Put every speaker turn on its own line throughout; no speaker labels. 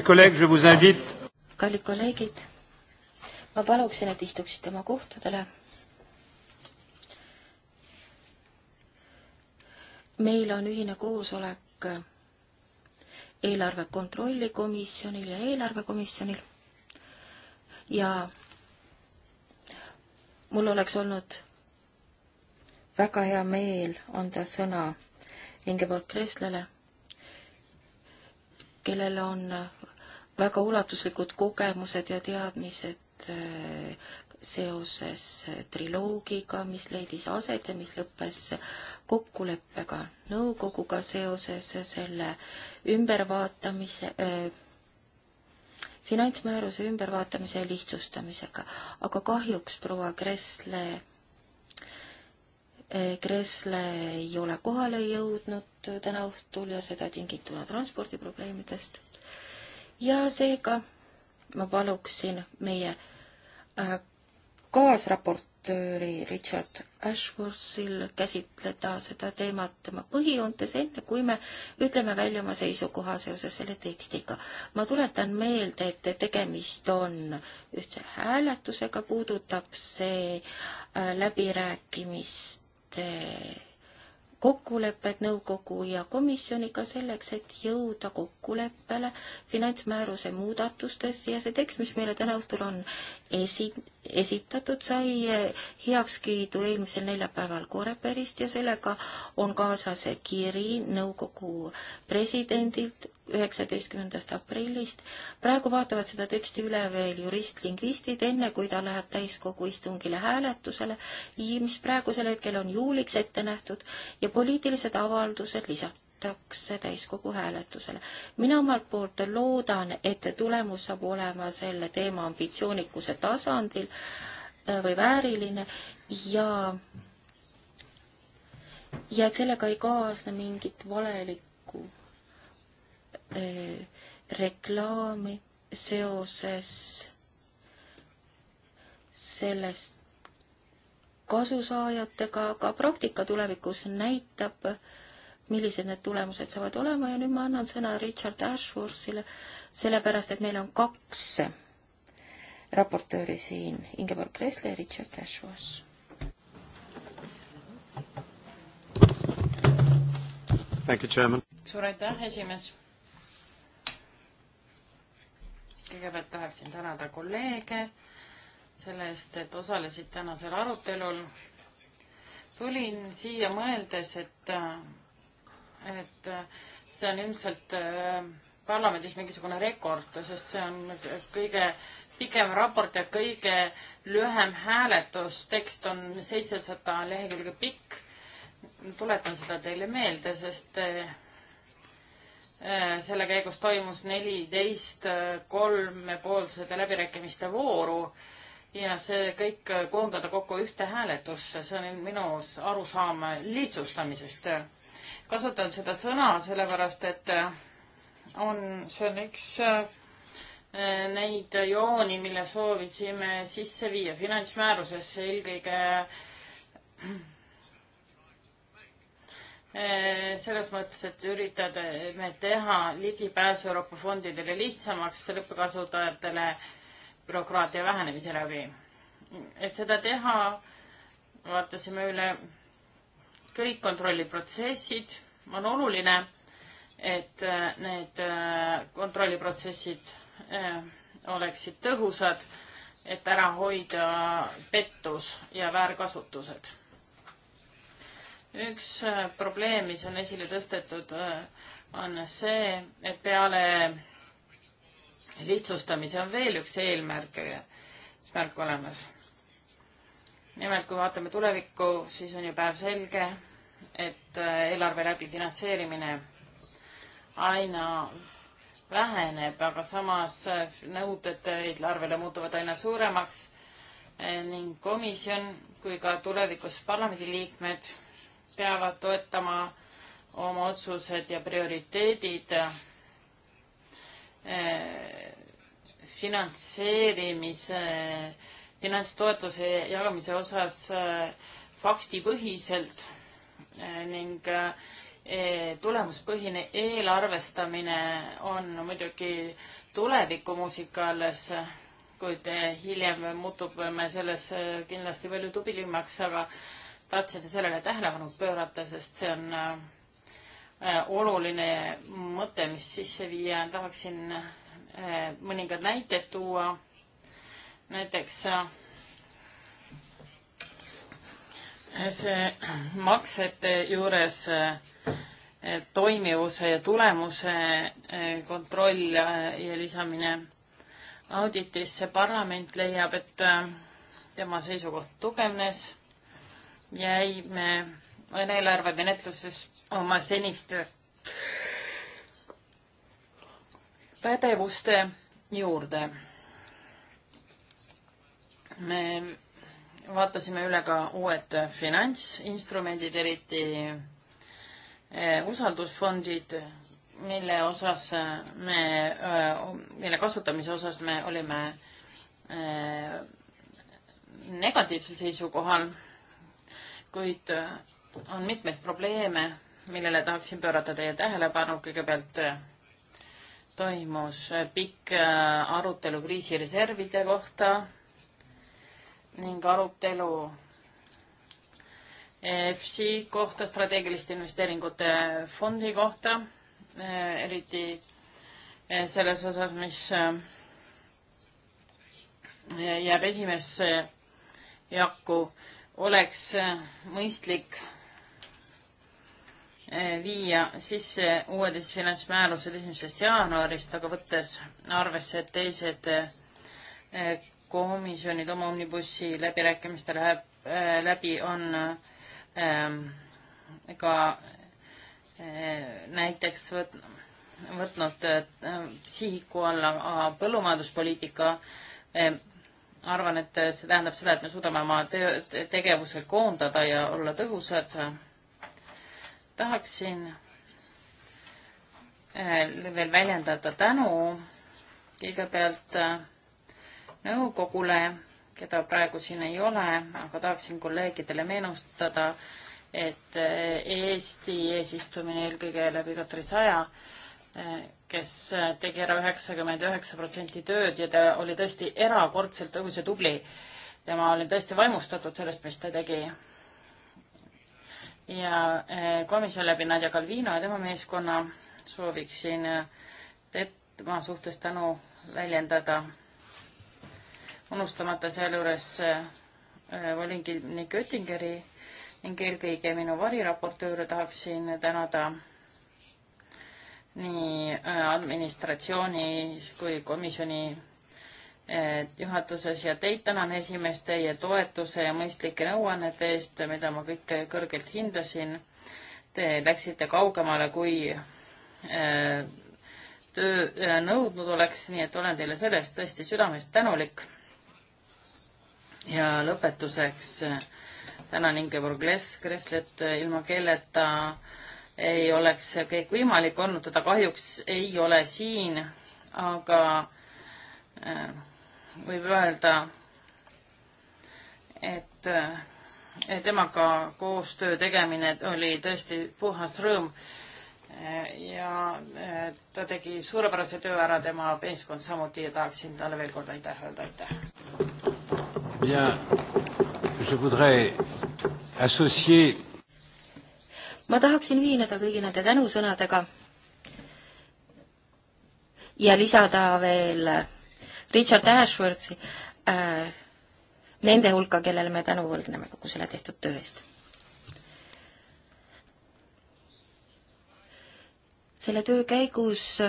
kallid
kolleegid, ma paluksin, et istuksite oma kohtadele. meil on ühine koosolek eelarve kontrolli komisjonil ja eelarvekomisjonil ja mul oleks olnud väga hea meel anda sõna Ingeborg Kreslele, kellel on väga ulatuslikud kogemused ja teadmised äh, seoses äh, triloogiga, mis leidis aset ja mis lõppes kokkuleppega nõukoguga seoses selle ümbervaatamise äh,, finantsmääruse ümbervaatamise ja lihtsustamisega. aga kahjuks proua Kressle äh, Kresle ei ole kohale jõudnud täna õhtul ja seda tingituna transpordiprobleemidest ja seega ma paluksin meie äh, kaasraportööri Richard Ashworthil käsitleda seda teemat tema põhijoontes, enne kui me ütleme välja oma seisukoha seoses selle tekstiga. ma tuletan meelde, et tegemist on ühtse hääletusega, puudutab see äh, läbirääkimiste kokkulepped nõukogu ja komisjoniga selleks, et jõuda kokkuleppele finantsmääruse muudatustes ja see tekst, mis meile täna õhtul on esi, esitatud, sai heakskiidu eelmisel neljapäeval Koreperist ja sellega on kaasas kiri nõukogu presidendilt üheksateistkümnendast aprillist. praegu vaatavad seda teksti üle veel jurist-lingvistid, enne kui ta läheb täiskogu istungile hääletusele, mis praegusel hetkel on juuliks ette nähtud ja poliitilised avaldused lisatakse täiskogu hääletusele. mina omalt poolt loodan, et tulemus saab olema selle teema ambitsioonikuse tasandil äh, või vääriline ja ja et sellega ei kaasne mingit valelikku Eh, reklaami seoses sellest kasusaajatega, aga praktika tulevikus näitab, millised need tulemused saavad olema ja nüüd ma annan sõna Richard Ashworthile, sellepärast et meil on kaks raportööri siin, Ingeborg Kressle ja Richard Ashworth.
suur aitäh, esimees kõigepealt tahaksin tänada kolleege selle eest, et osalesid tänasel arutelul. tulin siia mõeldes, et, et see on ilmselt äh, parlamendis mingisugune rekord, sest see on kõige pikem raport ja kõige lühem hääletus. tekst on seitsesada lehekülge pikk. tuletan seda teile meelde, sest äh, Äh, selle käigus toimus neliteist äh, kolmepoolsete läbirääkimiste vooru ja see kõik äh, koondada kokku ühte hääletusse, see on minu arusaam lihtsustamisest. kasutan seda sõna sellepärast, et on, see on üks neid jooni, mille soovisime sisse viia finantsmäärusesse eelkõige selles mõttes, et üritame teha ligipääsu Euroopa fondidele lihtsamaks lõppkasutajatele bürokraatia vähenemise läbi. et seda teha, vaatasime üle kõik kontrolliprotsessid, on oluline, et äh, need äh, kontrolliprotsessid äh, oleksid tõhusad, et ära hoida pettus ja väärkasutused üks äh, probleem, mis on esile tõstetud, äh, on see, et peale lihtsustamise on veel üks eelmärk, äh, märk olemas. nimelt, kui vaatame tulevikku, siis on ju päevselge, et eelarve läbi finantseerimine aina väheneb, aga samas nõuded eelarvele muutuvad aina suuremaks ning komisjon kui ka tulevikus parlamendiliikmed peavad toetama oma otsused ja prioriteedid eh, finantseerimise, finantstoetuse jagamise osas eh, faktipõhiselt eh, ning tulemuspõhine eelarvestamine on muidugi tulevikumuusika alles, kuid hiljem muutub me selles kindlasti palju tublimaks, aga tahtsin sellele tähelepanu pöörata, sest see on äh, oluline mõte, mis sisse viia, tahaksin äh, mõningad näited tuua. näiteks äh, see maksete juures toimivuse ja tulemuse kontroll ja lisamine auditisse. parlament leiab, et tema seisukoht tugevnes jäime eelarvemenetluses oma seniste pädevuste juurde. me vaatasime üle ka uued finantsinstrumendid, eriti eh, usaldusfondid, mille osas me, eh, mille kasutamise osas me olime eh, negatiivsel seisukohal kuid äh, on mitmeid probleeme, millele tahaksin pöörata teie tähelepanu. kõigepealt äh, toimus äh, pikk arutelu kriisireservide kohta ning arutelu EFSI kohta, strateegiliste investeeringute fondi kohta, eriti selles osas, mis jääb esimesse jakku oleks äh, mõistlik äh, viia sisse uued finantsmäärused esimesest jaanuarist, aga võttes arvesse, et teised äh, komisjonid oma omnibussi läbirääkimiste läheb läbi, on ähm, ka näiteks võt-, võtnud sihiku alla põllumajanduspoliitika arvan, et see tähendab seda, et me suudame oma te tegevuse koondada ja olla tõhusad. tahaksin eh, veel väljendada tänu kõigepealt eh, nõukogule, keda praegu siin ei ole, aga tahaksin kolleegidele meenustada, et eh, Eesti eesistumine eelkõige läbi Katri Saja kes äh, tegi ära üheksakümmend üheksa protsenti tööd ja ta oli tõesti erakordselt õhus ja tubli. ja ma olin tõesti vaimustatud sellest, mis ta tegi. ja äh, komisjon läbi Nadja Calvino ja tema meeskonna sooviksin äh, tema suhtes tänu väljendada, unustamata sealjuures volingi Göttingeri ning eelkõige minu variraportööre tahaksin tänada nii äh, administratsiooni kui komisjoni äh, juhatuses ja teid tänan esimees teie toetuse ja mõistlike nõuannete eest, mida ma kõike kõrgelt hindasin. Te läksite kaugemale, kui äh, töö nõudnud oleks, nii et olen teile selle eest tõesti südamest tänulik. ja lõpetuseks tänan Ingeborg Les-, Kreslet, ilma kelleta äh, ei oleks kõik võimalik olnud, teda kahjuks ei ole siin, aga äh, võib öelda, et äh, temaga koostöö tegemine oli tõesti puhas rõõm äh, ja ta tegi suurepärase töö ära, tema meeskond samuti ja tahaksin talle veel kord aitäh öelda, aitäh. Bien, je voudrais associer
ma tahaksin ühineda kõigi nende tänusõnadega ja lisada veel Richard Ashworthi äh, nende hulka, kellele me tänu võlgneme kogu selle tehtud töö eest. selle töö käigus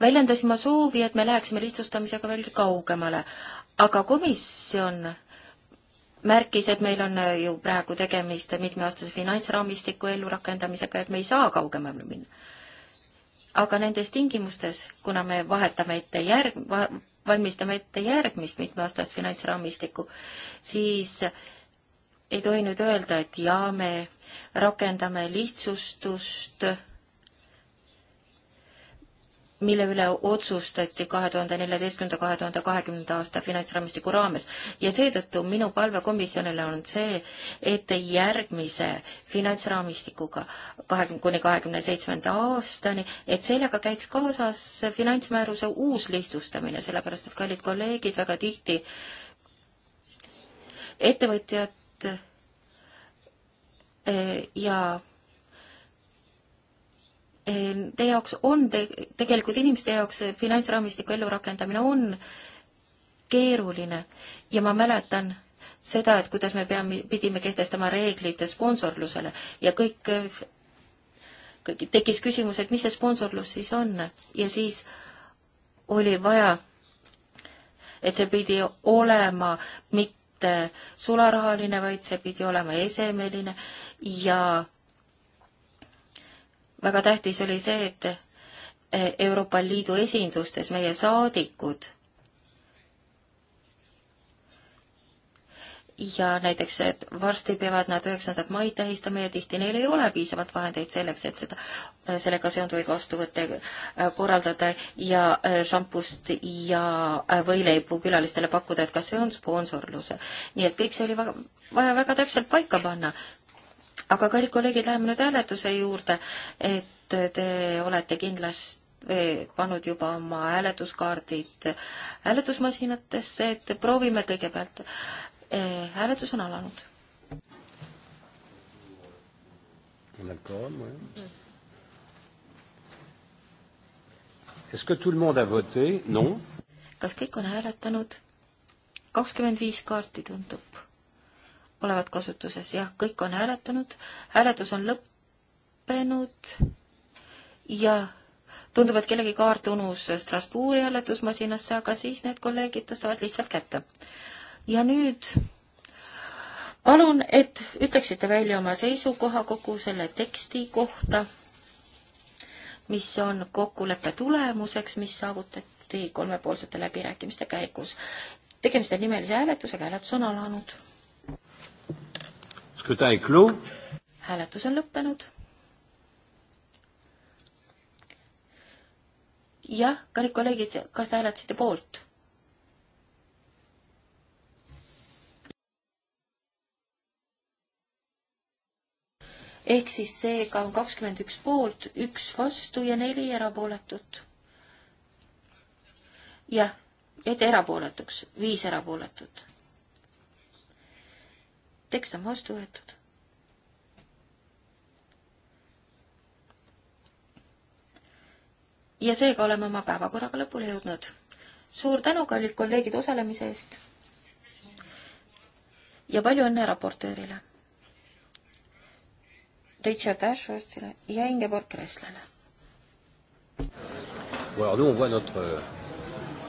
väljendasin ma soovi, et me läheksime lihtsustamisega veelgi kaugemale, aga komisjon äh, märkis, et meil on äh, ju praegu tegemist mitmeaastase finantsraamistiku ellurakendamisega, et me ei saa kaugemale minna. aga nendes tingimustes, kuna me vahetame ette järg-, valmistame ette järgmist mitmeaastast finantsraamistikku, siis ei tohi nüüd öelda, et jaa, me rakendame lihtsustust mille üle otsustati kahe tuhande neljateistkümnenda, kahe tuhande kahekümnenda aasta finantsraamistiku raames. ja seetõttu minu palve komisjonile on see, et järgmise finantsraamistikuga kahekümne, kuni kahekümne seitsmenda aastani, et sellega käiks kaasas finantsmääruse uus lihtsustamine, sellepärast et kallid kolleegid, väga tihti ettevõtjad eh, ja Ehm, teie jaoks on te, tegelikult inimeste jaoks finantsraamistiku ellurakendamine on keeruline ja ma mäletan seda, et kuidas me peame, pidime kehtestama reeglid sponsorlusele ja kõik, kõik, tekkis küsimus, et mis see sponsorlus siis on ja siis oli vaja, et see pidi olema mitte sularahaline, vaid see pidi olema esemeline ja väga tähtis oli see, et eh, Euroopa Liidu esindustes meie saadikud ja näiteks, et varsti peavad nad üheksandat maid tähistama ja tihti neil ei ole piisavalt vahendeid selleks, et seda, eh, sellega seonduvaid vastuvõtte eh, korraldada ja šampust ja võileibu külalistele pakkuda, et kas see on sponsorlus. nii et kõik see oli väga, vaja väga täpselt paika panna aga kallid kolleegid, läheme nüüd hääletuse juurde, et te olete kindlasti eh, pannud juba oma hääletuskaardid hääletusmasinatesse, et proovime kõigepealt. Eh, hääletus on alanud. kas kõik on hääletanud? kakskümmend viis kaarti tundub olevat kasutuses. jah, kõik on hääletanud, hääletus on lõppenud ja tundub, et kellegi kaart unus Strasbourgi hääletusmasinasse, aga siis need kolleegid tõstavad lihtsalt kätte. ja nüüd palun, et ütleksite välja oma seisukoha kogu selle teksti kohta, mis on kokkuleppe tulemuseks, mis saavutati kolmepoolsete läbirääkimiste käigus. tegemist on nimelise hääletusega, hääletus on alanud hääletus on lõppenud. jah, kallid kolleegid, kas te hääletasite poolt? ehk siis seega on kakskümmend üks poolt, üks vastu ja neli erapooletut. jah, jäite erapooletuks, viis erapooletut tekst on vastu võetud. ja seega oleme oma päevakorraga lõpule jõudnud. suur tänu, kallid kolleegid, osalemise eest. ja palju õnne raportöörile. Richard Ashworthile ja Ingeborg Kresslale.
Voilà, nous on voit notre euh,